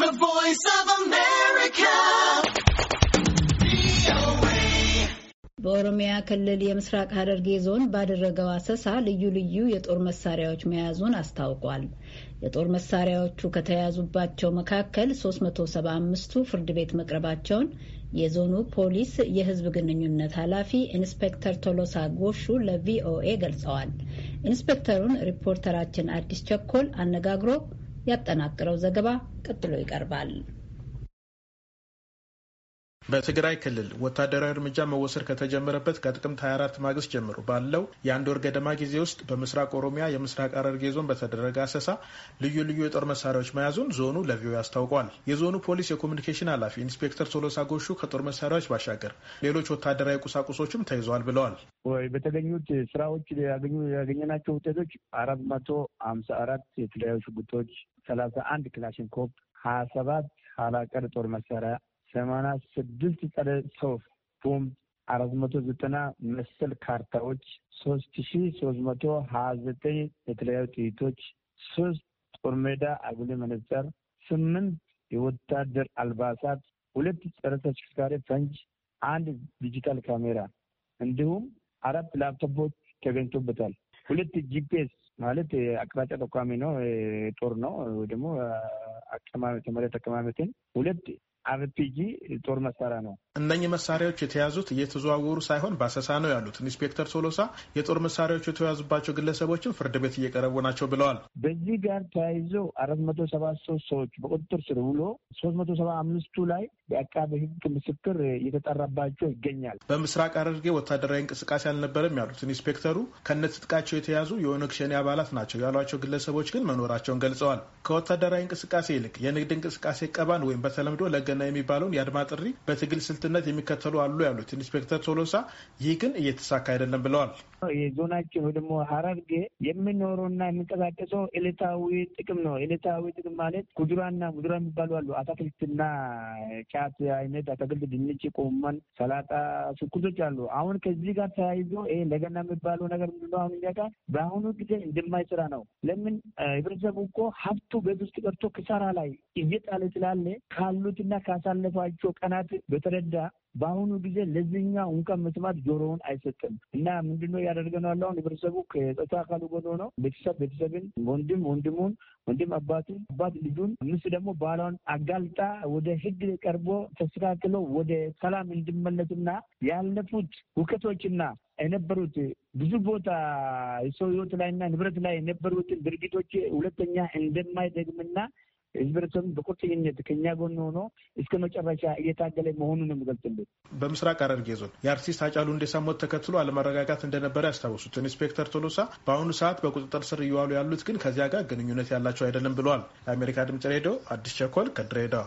The Voice of America. በኦሮሚያ ክልል የምስራቅ ሐረርጌ ዞን ባደረገው አሰሳ ልዩ ልዩ የጦር መሳሪያዎች መያዙን አስታውቋል። የጦር መሳሪያዎቹ ከተያዙባቸው መካከል 375ቱ ፍርድ ቤት መቅረባቸውን የዞኑ ፖሊስ የሕዝብ ግንኙነት ኃላፊ ኢንስፔክተር ቶሎሳ ጎሹ ለቪኦኤ ገልጸዋል። ኢንስፔክተሩን ሪፖርተራችን አዲስ ቸኮል አነጋግሮ ያጠናቀረው ዘገባ ቀጥሎ ይቀርባል። በትግራይ ክልል ወታደራዊ እርምጃ መወሰድ ከተጀመረበት ከጥቅምት 24 ማግስት ጀምሮ ባለው የአንድ ወር ገደማ ጊዜ ውስጥ በምስራቅ ኦሮሚያ የምስራቅ ሐረርጌ ዞን በተደረገ አሰሳ ልዩ ልዩ የጦር መሳሪያዎች መያዙን ዞኑ ለቪኦኤ አስታውቋል። የዞኑ ፖሊስ የኮሚኒኬሽን ኃላፊ ኢንስፔክተር ቶሎሳ ጎሹ ከጦር መሳሪያዎች ባሻገር ሌሎች ወታደራዊ ቁሳቁሶችም ተይዘዋል ብለዋል። ወይ በተገኙት ስራዎች ያገኘናቸው ውጤቶች አራት መቶ ሀምሳ አራት የተለያዩ ሽጉጦች፣ ሰላሳ አንድ ክላሽንኮፕ፣ ሀያ ሰባት ኋላ ጦር መሳሪያ ሰማንያ ስድስት ጸረ ሰው ቦምብ አራት መቶ ዘጠና መሰል ካርታዎች ሶስት ሺ ሶስት መቶ ሀያ ዘጠኝ የተለያዩ ጥይቶች ሶስት ጦር ሜዳ አጉሊ መነጽር ስምንት የወታደር አልባሳት ሁለት ጸረ ተሽከርካሪ ፈንጅ አንድ ዲጂታል ካሜራ እንዲሁም አራት ላፕቶፖች ተገኝቶበታል። ሁለት ጂፒኤስ ማለት አቅጣጫ ጠቋሚ ነው። ጦር ነው ወይ ደግሞ አቀማመጥ መሬት አቀማመጥን ሁለት አብፒጂ ጦር መሳሪያ ነው። እነኚህ መሳሪያዎች የተያዙት እየተዘዋወሩ ሳይሆን በአሰሳ ነው ያሉት ኢንስፔክተር ሶሎሳ የጦር መሳሪያዎች የተያዙባቸው ግለሰቦችን ፍርድ ቤት እየቀረቡ ናቸው ብለዋል። በዚህ ጋር ተያይዞ አራት መቶ ሰባ ሶስት ሰዎች በቁጥጥር ስር ውሎ ሶስት መቶ ሰባ አምስቱ ላይ የአቃቤ ሕግ ምስክር እየተጠራባቸው ይገኛል። በምስራቅ ሐረርጌ ወታደራዊ እንቅስቃሴ አልነበረም ያሉት ኢንስፔክተሩ ከነትጥቃቸው የተያዙ የኦነግ ሸኔ አባላት ናቸው ያሏቸው ግለሰቦች ግን መኖራቸውን ገልጸዋል። ከወታደራዊ እንቅስቃሴ ይልቅ የንግድ እንቅስቃሴ ቀባን ወይም በተለምዶ ለገ ጥገና የሚባለውን የአድማ ጥሪ በትግል ስልትነት የሚከተሉ አሉ ያሉት ኢንስፔክተር ቶሎሳ ይህ ግን እየተሳካ አይደለም ብለዋል። የዞናችን ወይ ደግሞ ሀረርጌ የሚኖረውና የምንቀሳቀሰው ዕለታዊ ጥቅም ነው። ዕለታዊ ጥቅም ማለት ጉዱራና ጉዱራ የሚባሉ አሉ። አታክልትና ጫት አይነት አታክልት፣ ድንች፣ ቆመን፣ ሰላጣ፣ ስኩቶች አሉ። አሁን ከዚህ ጋር ተያይዞ ይሄ ለገና የሚባለው ነገር ምንድነው? አሁን እኛ በአሁኑ ጊዜ እንደማይሰራ ነው። ለምን ህብረተሰቡ እኮ ሀብቱ ቤት ውስጥ ቀርቶ ክሳራ ላይ እየጣለ ስላለ ካሉትና ካሳለፏቸው ቀናት በተረዳ በአሁኑ ጊዜ ለዚህኛ እንከን መስማት ጆሮውን አይሰጥም እና ምንድነው ያደርገነው? ያለውን ህብረተሰቡ ከጸጥታ አካሉ ጎን ሆኖ ቤተሰብ ቤተሰብን፣ ወንድም ወንድሙን፣ ወንድም አባቱን፣ አባት ልጁን፣ ምስ ደግሞ ባህሏን አጋልጣ ወደ ህግ ቀርቦ ተስተካክሎ ወደ ሰላም እንዲመለስና ያለፉት ውከቶችና የነበሩት ብዙ ቦታ ሰው ህይወት ላይና ንብረት ላይ የነበሩትን ድርጊቶች ሁለተኛ እንደማይደግምና ህብረተሰቡ በቁርጠኝነት ከኛ ጎን ሆኖ እስከ መጨረሻ እየታገለ መሆኑን ነው የምገልጽልን። በምስራቅ ሐረርጌ ዞን የአርቲስት አጫሉ ሁንዴሳ ሞት ተከትሎ አለመረጋጋት እንደነበረ ያስታወሱት ኢንስፔክተር ቶሎሳ በአሁኑ ሰዓት በቁጥጥር ስር እየዋሉ ያሉት ግን ከዚያ ጋር ግንኙነት ያላቸው አይደለም ብለዋል። የአሜሪካ ድምጽ ሬዲዮ አዲስ ቸኮል ከድሬዳዋ